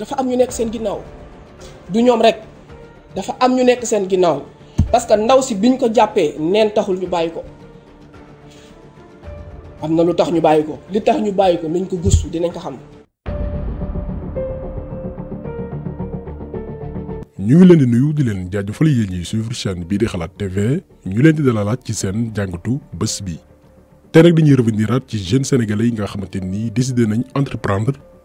dafa am ñu nekk seen ginnaaw du ñoom rek dafa am ñu nekk seen ginnaaw parce que ndaw si biñ ko jàppee neen taxul ñu bàyyi ko am na lu tax ñu bàyyi ko li tax ñu bàyyi ko nañ ko gëstu dinañ ko xam. ñu ngi leen di nuyu di leen jaajëfal yéen ñi suivre chaîne bii di xalaat TV ñu leen di dalalaat ci seen jàngatu bés bi. te nag dañuy reveniraat ci jeunes sénégalais yi nga xamante ni décidé nañ entreprendre.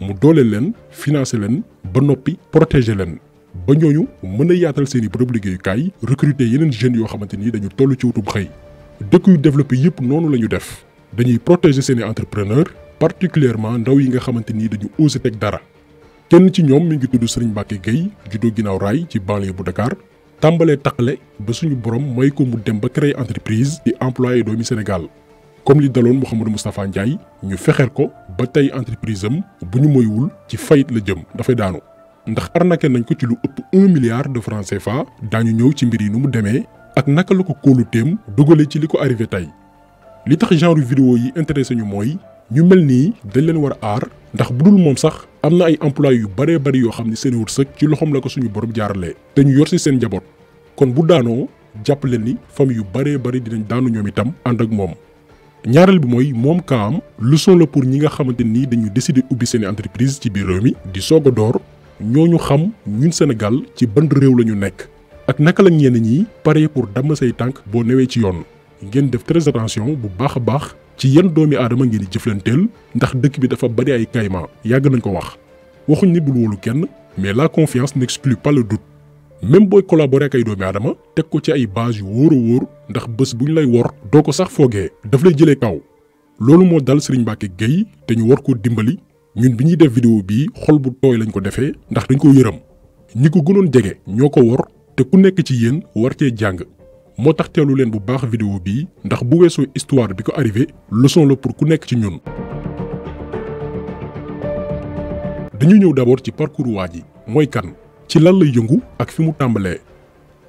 mu dooleel leen financer leen ba noppi protéger leen ba ñooñu mën a yaatal seen i bërëb liggéeyukaay recruter yeneen jeunes yoo xamante ni dañu toll ci wutum xëy dëkk yu développé yépp noonu la ñu def dañuy protéger seen entrepreneurs particulièrement ndaw yi nga xamante ni dañu osé teg dara kenn ci ñoom mi ngi tudd Serigne Mbacke Gueye juddoo ginnaaw raay ci banlieue bu Dakar tàmbalee taqale ba suñu borom may ko mu dem ba créer entreprise di employé doomi Sénégal. comme li daloon Mouhamadou Moustapha Ndiaye ñu fexeel ko ba tey entreprise am bu ñu moywul ci fayit la jëm dafay daanu ndax arnaqué nañ ko ci lu ëpp un milliard de francs CFA daañu ñëw ci mbir yi nu mu demee ak naka la ko kóoluteem dugalee ci li ko arrivé tey li tax genre vidéo yi intéressé ñu mooy ñu mel nii dañ leen war a aar ndax bu dul moom sax am na ay employé yu baree bari yoo xam ne seen wërsëg ci loxoom la ko suñu borom jaaralee te ñu yor si seen njaboot kon bu daanoo jàpp leen ni famille yu baree bari dinañ daanu ñoom itam ànd ak moom. ñaaral bi mooy moom kaam leçon pour ni dañu décider ubbi seen entreprise ci biir réew mi di soog a door xam ñun Sénégal ci ban réew la nekk ak la pare pour damm say tànk boo ci yoon ngeen très attention bu baax a baax ci yan doomi aadama ngeen di jëflanteel ndax dëkk bi dafa bari ay kayma yàgg nañ ko wax mais la confiance n'exclut pas le doute même booy collaborer ak ay doomi aadama teg ko ci ay base yu wóor ndax bés bu ñu lay wor doo ko sax foogee daf lay jëlee kaw loolu moo dal Serigne Mbacké Gueye te ñu war ko dimbali ñun bi ñuy def vidéo bii xol bu tooy lañ ko defee ndax dañ ko yërëm ñi ko gënoon jege ñoo ko wor te ku nekk ci yéen war cee jàng moo tax teelu leen bu baax vidéo bii ndax bu weesoo histoire bi ko arrivé leçon la pour ku nekk ci ñun dañu ñëw d'abord ci parcours waa ji mooy kan ci lan lay yëngu ak fi mu tambalé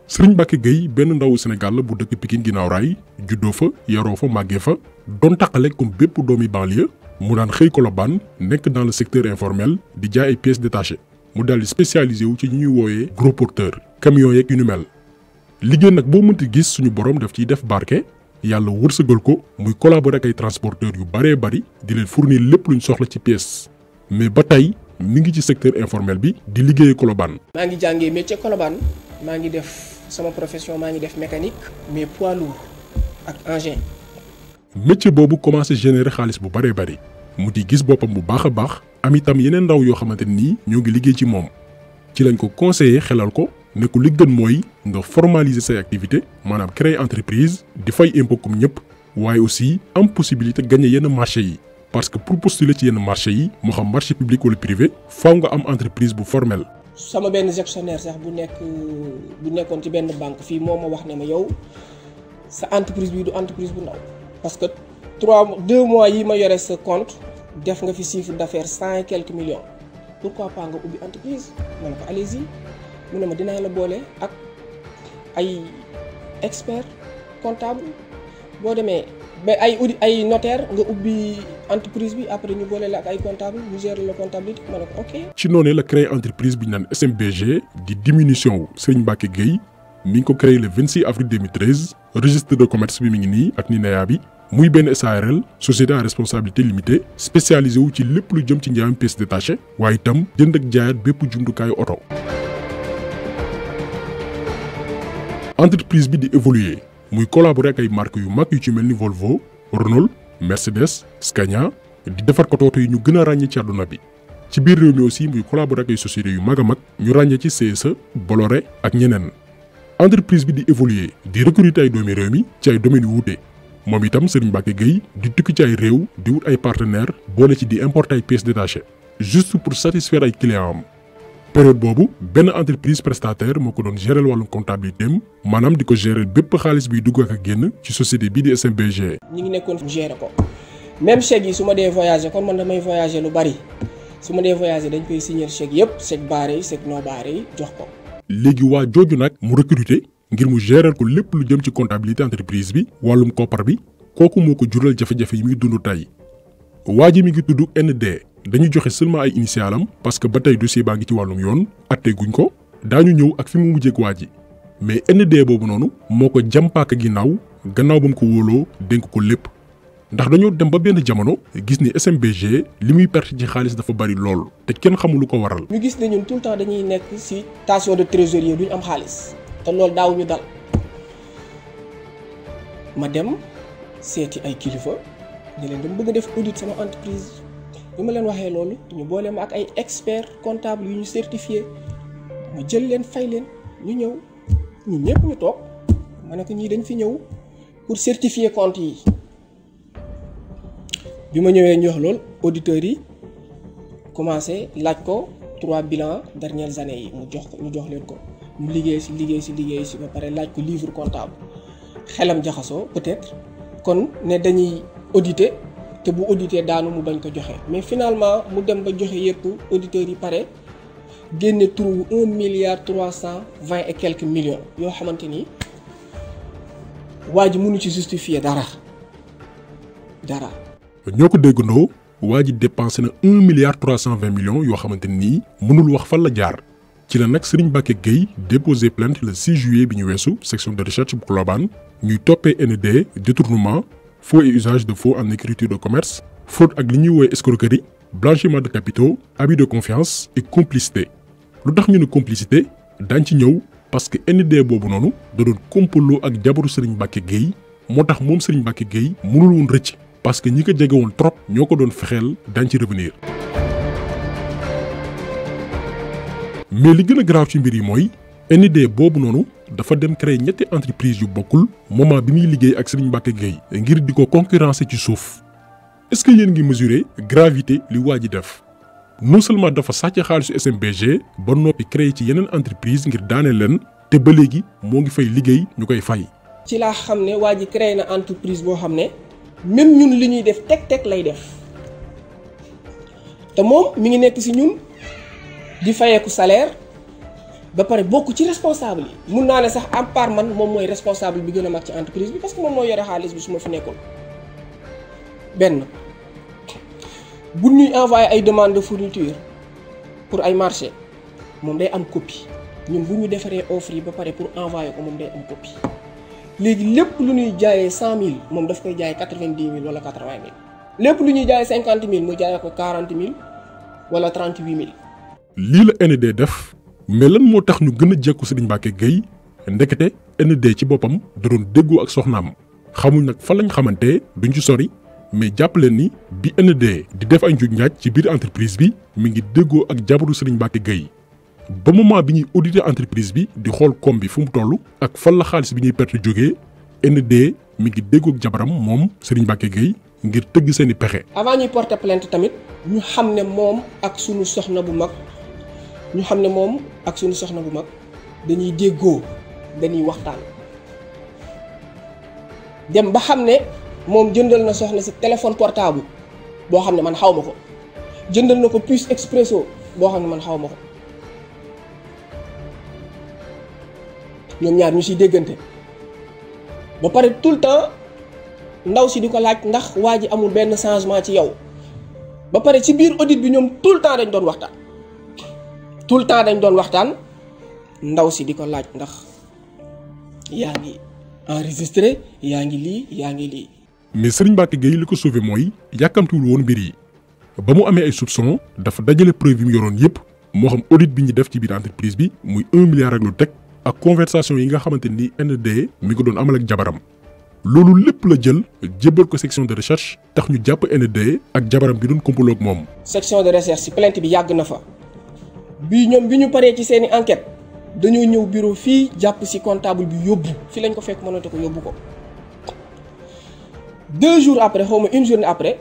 serigne Senegal Gueye ben ndawu Sénégal bu dëkk Pikine ginaaw ray juddo fa yaro fa magge fa don takalé kum bépp doomi banlieue mu daan xëy kolobaan nek dans le secteur informel di jaay ay pièces détachées mu dal spécialisé wu ci ñuy woyé gros porteur camion yu mel nak bo mënti gis suñu borom daf ci def barké yalla wërsëgal ko muy collaborer ak ay transporteurs yu baree bari di leen fournir lepp luñ soxla ci pièces mais batay mi ci secteur informel bi di liggéey Colobane. maa ngi métier Colobane maa def sama profession maa def mécanique mais poids lourd ak engin. métier commence commencé générer xaalis bu de bari di gis bu a baax am itam yeneen ndaw yoo xamante ngi ne li gën formaliser activité créer entreprise di fay aussi am possibilité gagner yenn marché parce que pour postuler ci yenn marché yi mo xam marché public wala privé faut nga am entreprise bu formel. sama ben gestionnaire sax bu nek bu nekkoon ci ben banque fi moma wax ne ma yow sa entreprise bi du entreprise bu ndaw parce que trois deux mois yi ma yoré ce compte def nga fi chiffre d'affaires 100 quelques millions pourquoi pas nga ubi entreprise ma ko allez-y mu ne ma dina la bolé ak ay expert comptable boo demee mais ay audit ay notaire nga ubbi entreprise bi après ñu boole la ak ay comptable ñu gérer la comptabilité ma ko ok. ci noné la créer entreprise bi ñu SMBG di diminution Serigne Mbacké Gueye mi ngi ko créé le 26 avril 2013 registre de commerce bi mi ngi ni ak ni bi muy ben SARL société à responsabilité limitée spécialisé wu ci lepp lu jëm ci njaayam pièces détachées waaye tam jënd ak jaayaat bépp jumtukaayu auto entreprise bi di évoluer. muy collaborer ak ay marques yu mag yu ci mel ni Volvo Renault Mercedes Scania di defar ko oto yi ñu gën ràññee ci àdduna bi. ci biir réew mi aussi muy collaborer ak ay sociétés yu mag a mag ñu ràññee ci CSE Bolloré ak ñeneen. entreprise bi di évoluer di recruter ay doomi réew mi ci ay domaines wuute moom itam seen Mbacké Gueye di tukki ci ay réew di wut ay partenaires boole ci di importer ay pièces détachées juste pour satisfaire ay clients am. période Bobu, ben entreprise prestataire moko ko gérer comptabilité di gérer dugg ci société bi SMBG. ñi ngi gérer même chèque yi suma dé voyager kon man damay voyager lu bari suma dé voyager dañ koy signer chèque yépp chèque barré chèque jox ko. mu recruter ngir mu ko comptabilité entreprise bi bi jural yi ND. dañuy joxe seulement ay initialam parce que ba tey dossier baa ngi ci wàllum yoon atte guñ ko daañu ñëw ak fi mu mujjeeg waa ji mais ND boobu noonu moo ko jàmpaaka ginnaaw gannaaw ba ko wóoloo dénk ko lépp ndax dañoo dem ba benn jamono gis ni SMBG li muy perte ci xaalis dafa bari lool te kenn xamul lu ko waral. ñu gis ne ñun tout le temps dañuy nekk ci station de trésorier duñu am xaalis te loolu daawuñu dal ma dem seeti ay kilifa ñu leen dama def audit bi ma leen waxee ñu ak ay expert comptable yu certifié jël leen fay leen ñu ñu ko pour certifier compte yi bi ma ñëwee commencé trois bilans dernières années yi mu jox ñu jox ko liggéey liggéey liggéey ba ko livre comptable peut-être kon auditer te bu audité daanu mu bañ ko joxe mais finalement mu dem ba joxe yépp auditeur yi pare génne turu un milliard trois cent vingt et quelques millions yoo xamante ni waa ji mënu ci justifier dara dara. ñoo ko déggandoo waa ji dépensé na un milliard trois cent vingt millions yoo xamante ni mënul wax fan la jaar. ci la nag Serigne Mbacké Gueye déposé plainte le 6 juillet bi ñu weesu section de recherche bu Colobane ñuy toppee ND détournement faux et usage de faux en écriture de commerce fraude ak li escroquerie blanchiment de capitaux abus de confiance et complicité lu tax ñu ne complicité daañ ci parce que NID boobu nonu da doon kompaloo ak jabaru Serigne Mbacke Gueye moo tax moom Serigne Mbacke Gueye mënul parce que ñi ka jege woon trop nyoko Don doon fexeel ci revenir mais li gën grave ci mbir yi mooy dafa dem créer ñetti entreprise yu bokkul moment bi muy liggéey ak Serigne Mbacké Gueye ngir di ko concurrencer ci suuf est-ce que yéen ngi mesurer gravité li waa ji def non seulement dafa sàcc xaalisu SMBG ba noppi créer ci yeneen entreprise ngir daane leen te ba léegi moo ngi fay liggéey ñu koy fay. ci laa xam ne waa ji créer na entreprise boo xam ne même ñun li ñuy def teg-teg lay def te moom mi ngi nekk si ñun di fayeeku salaire. Je suis responsable. Je suis responsable pour la entreprise parce que je suis en train de me faire des choses. Quand on a envoyé des demandes de fourniture pour les marchés, on a une copie. On a offert une copie pour envoyer une copie. Si on a 100 000, on a 90 000 ou 80 000. Si on a 50 000, on a 40 000 ou 38 000. L'île NDDF. mais lan moo tax ñu gën a jekku Serigne Mbacke Gueye ndekete ND ci boppam da doon déggoo ak soxnaam xamuñ nag fan lañ xamante duñ ci sori mais jàpp leen ni bi ND di def ay njuuj njaaj ci biir entreprise bi mi ngi déggoo ak jabaru Serigne Mbacke Gueye ba moment bi ñuy auditer entreprise bi di xool koom bi fu mu toll ak fan la xaalis bi ñuy perte jógee ND mi ngi déggoo jabaram moom Serigne Mbacke Gueye ngir tëgg seeni pexe. avant ñuy porter plainte tamit ñu xam ne moom ak sunu soxna bu mag. ñu xamne mom ak suñu soxna bu mag dañuy déggo dañuy waxtaan dem ba xamne mom jëndal na soxna ci téléphone portable bo xamne man xawmako jëndal nako ko puce expresso bo xamne man xawmako ñom ñaar ñu ci déggante ba paré tout le temps ndaw si diko laaj ndax waji amul ben changement ci yow ba paré ci biir audit bi ñom tout le temps dañ doon waxtaan tout le temps dañ doon waxtaan ndaw si di laaj ndax mais Serigne qui Gueye li ko sauvé mooy yàkkamtiwul woon mbir yi ay soupçons dafa dajale preuve yi mu yoroon yëpp moo xam audit bi def ci entreprise bi muy un milliard ak lu teg ak conversation yi nga xamante ni mi jabaram. la jël section de recherche tax ñu jàpp ND ak jabaram bi doon section de recherche si plainte bi na fa. bi ñoom bi ñu paree ci seen i enquête dañoo ñëw bureau fii jàpp si comptable bi yóbbu fi lañ ko fekk mënate ko yóbbu ko deux jours après xaw ma une après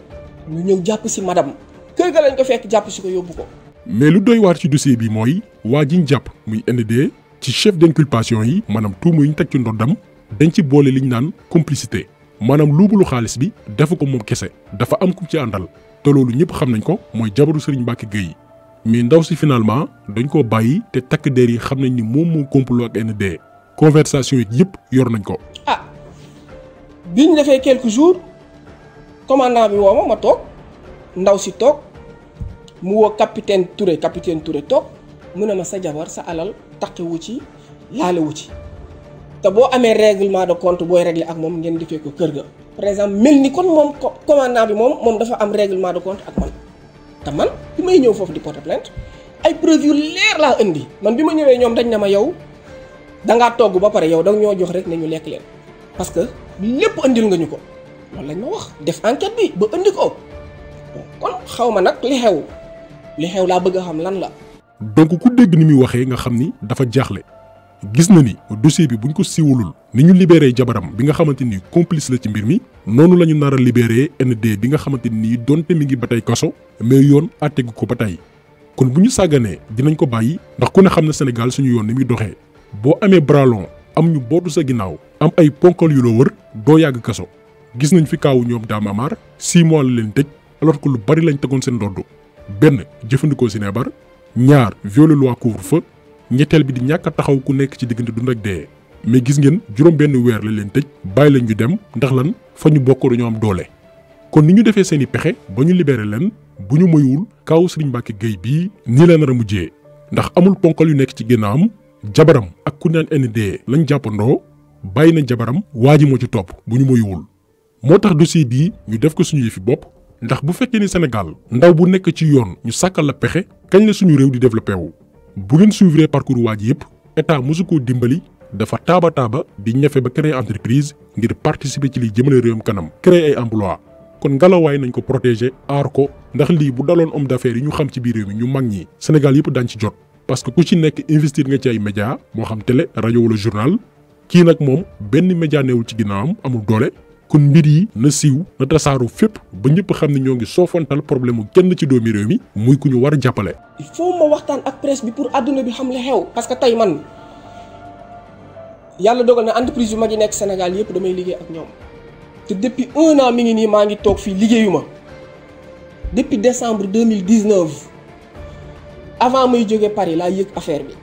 ñu ñëw jàpp si madame kër ga lañ ko fekk jàpp si ko yóbbu ko. mais lu doy waar ci dossier bi mooy waa ji jàpp muy NDD ci chef d'inculpation yi maanaam tuuma yi ñu teg ci ndoddam dañ ci boole li ñu naan complicité maanaam luubalu xaalis bi dafa ko moom kese dafa am ku ci àndal te loolu ñëpp xam nañ ko mooy jabaru Serigne Mbacke Gueye mais ndaw si finalement dañ ko bayyi te takk der yi xam nañ ni moom moo complot ak ND conversation yi yëpp yor nañ ko. ah bi ñu defee quelques jours commandant bi woo ma ma toog ndaw si toog mu woo capitaine Touré capitaine Touré toog mu ne ma sa jabar sa alal takkiwu ci laalewu ci te boo amee règlement de compte booy réglé ak moom ngeen defee ko kër ga. par exemple mel ni kon moom commandant bi moom moom dafa am règlement de compte ak man. te man bi may ñëw foofu di porter plainte ay preuve yu leer laa indi man bi ma ñëwee ñoom dañ ne ma yow dangaa togg ba pare yow danga ñoo jox rek ne ñu lekk leen parce que lépp indil nga ñu ko loolu lañ ma wax def enquête ba indi ko kon xaw ma nag li xew li xew laa bëgg a xam lan la. donc ku dégg ni muy waxee nga xam ni dafa jaaxle gis na ni dossier bi bu buñ ko siiwulul ni ñu libéré jabaram bi nga xamante ni complice la ci mbir mi noonu la ñu nar a libéré ND bi nga xamante nii donte mi ngi ba tey kaso mais yoon àttegu ko ba tey kon bu ñu sàgganee dinañ ko bàyyi ndax ku ne xam na Sénégal suñu yoon ni muy doxee boo amee bralon am ñu bootu sa ginnaaw am ay ponkal yu la wër doo yàgg kaso gis nañ fi kaawu ñoom Dame Amar six mois la leen tëj alors que lu bari lañ tegoon seen ndodd benn jëfandikoo si neebar ñaar violé loi couvre-feu ñetteel bi di ñàkk taxaw ku nekk ci diggante dund ak dee mais gis ngeen juróom benn weer la leen tëj bàyyi la ñu dem ndax lan fa ñu bokk dañoo am doole kon ni ñu defee seen i pexe ba ñu libéré leen bu ñu moyuwul kaw Serigne Mbacke Gueye bii nii la nar a mujjee ndax amul ponkal yu nekk ci ginnaawam jabaram ak ku naan NDE lañ jàppandoo bàyyi na jabaram waa ji moo ci topp bu ñu moyuwul moo tax dossier bii ñu def ko suñu yëfi bopp ndax bu fekkee ni Sénégal ndaw bu nekk ci yoon ñu sàkkal la pexe kañ la suñu réew di développé wu bu ngeen suivre parcours waa ji yëpp état mosu koo dimbali dafa taaba taaba di ñafe ba créer entreprise ngir participer ci liy jëmale réewam kanam créer ay emploi kon ngalawaay nañ ko protéger aar ko ndax lii bu daloon homme d'affaires yi ñu xam ci biir réew mi ñu mag ñi Sénégal yëpp daañ ci jot parce que ku ci nekk investir nga ci ay média moo xam télé rajo wala journal kii nag moom benn média neewul ci ginnaawam amul doole kon mbir yi na siiw na tasaaru fépp ba ñëpp xam ne ñoo ngi soofantal problème mu kenn ci doomi réew mi muy ku ñu war a jàppale. il faut yalla dogal na entreprise yu magi nek senegal yep damay liggéey ak ñom te depuis un an mi ngi ni ma ngi tok fi liggéeyuma depuis décembre 2019 avant muy joggé Paris yek yek affaire bi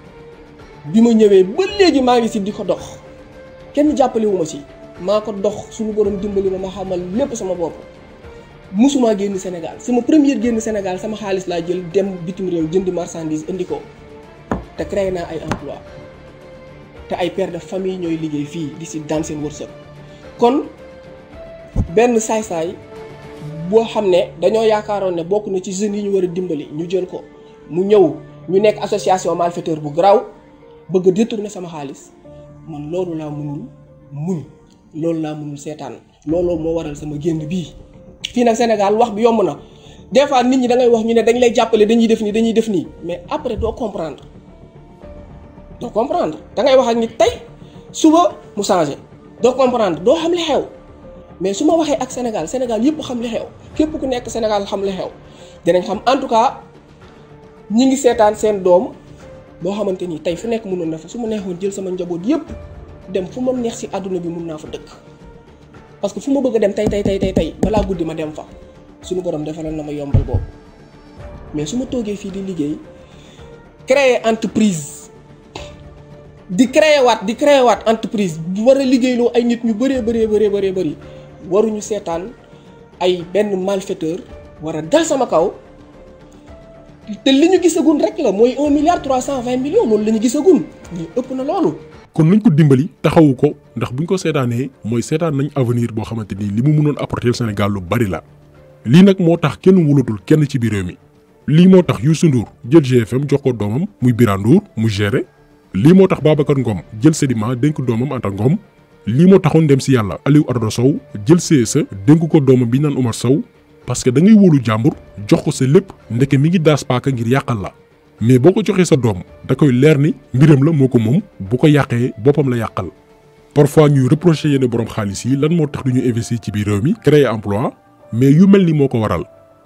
bima ñëwé ba légui ma ngi ci di dox kenn jappalé wuma ci mako dox suñu borom dimbali ma xamal lepp sama bop musuma génn senegal sama premier génn senegal sama xaliss la jël dem bitim réew jënd marchandise indi ko te créé na ay emploi te ay père de famille ñooy liggéey fii di si daan seen wërsëg kon benn saay-saay boo xam ne dañoo yaakaaroon ne bokk na ci jeunes yi ñu war a dimbali ñu jël ko mu ñëw ñu nekk association malfaiteur bu garaaw bëgg a détourner sama xaalis man loolu laa mënul muñ loolu laa mënul seetaan looloo moo waral sama génn bii. fii nag Sénégal wax bi yomb na des fois nit ñi da ngay wax ñu ne dañ lay jàppale dañuy def nii dañuy def nii mais après doo comprendre. do comprendre da ngay wax ak nit tay suba mu changer do comprendre do xam li xew mais suma waxe ak senegal senegal yep xam li xew kep ku nek senegal xam li xew dinañ xam en tout cas ñi ngi sétane sen dom bo xamanteni tay fu nek mënon na fa suma neexon jël sama njabot yep dem fu mom neex ci aduna bi mun naa fa dëkk parce que fu ma bëgg dem tay tay tay tay tay bala guddi ma dem fa suñu borom defal na ma yombal boobu mais suma toge fi di liggéey créer entreprise di créer waat di créer waat entreprise bu war a liggéey liggéeyloo ay nit ñu bëree bëree bëree bëree bëri waruñu seetaan ay benn malfaiteur war a dal sama kaw te li ñu gisagun rek la mooy un cent vingt millions loolu la ñu gisagun ñu ëpp na loolu. kon nañ ko dimbali taxawu ko ndax buñ ko seetaanee mooy seetaan nañ avenir boo xamante ni li mu mënoon apporter Sénégal lu bari la lii nag moo tax kenn wulatul kenn ci biir mi lii moo tax yu Ndour jël GFM jox ko doomam muy Birane mu géré. li mo tax babakar Ngom jël Sedima dénk doomam Anta Ngom li mo taxone dem ci yalla Aliou Ardo Sow jël se denk ko domam bi nan Umar Sow parce que da ngay wolu jambour jox ko se lepp ndeke mi ngi pa ka ngir yakal la mais boko joxe sa dom da koy leer ni mbirem la moko mom bu ko yàqee bopam la yakal parfois ñuy reprocher yene borom xaalis yi lan mo tax duñu investir ci biir réew mi créer emploi mais yu melni moko waral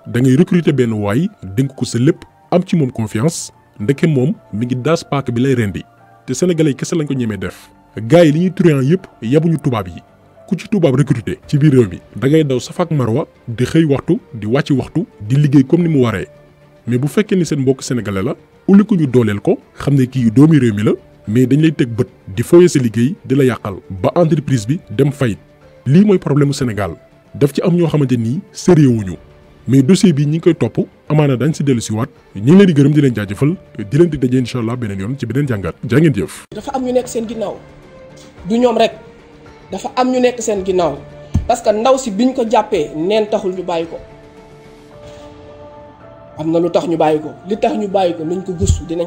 da ngay recruter ben way denk ko se lepp am ci mom confiance ndeke mom mi ngi pa ka bi lay rendi te sénégalais kese lañ ko ñemee def gars yi li ñuy truand yëpp yabuñu tubaab yi ku ci tubaab recruté ci biir réew mi dangay ngay daw safaak marwa di xëy waxtu di wàcc waxtu di liggéey comme ni mu waree mais bu fekkee ni seen mbokk sénégalais la uli ko ñu dooleel ko xam ne kii doomi réew mi la mais dañu lay teg bët di fooye sa liggéey di la yàqal ba entreprise bi dem fayit lii mooy problème mu Sénégal daf ci am ñoo xamante nii sérieux wuñu mais dossier bi ñi ngi koy topp amaana dañ si dellu si waat ñu ngi leen di gërëm di leen jaajëfal di leen di daje incha allah beneen yoon ci beneen jàngat jaa ngeen jëf. dafa am ñu nekk seen ginnaaw du ñoom rek dafa am ñu nekk seen ginnaaw parce que ndaw si biñ ko jàppee neen taxul ñu bàyyi ko am na lu tax ñu bàyyi ko li tax ñu bàyyi ko nañ ko gëstu dinañ.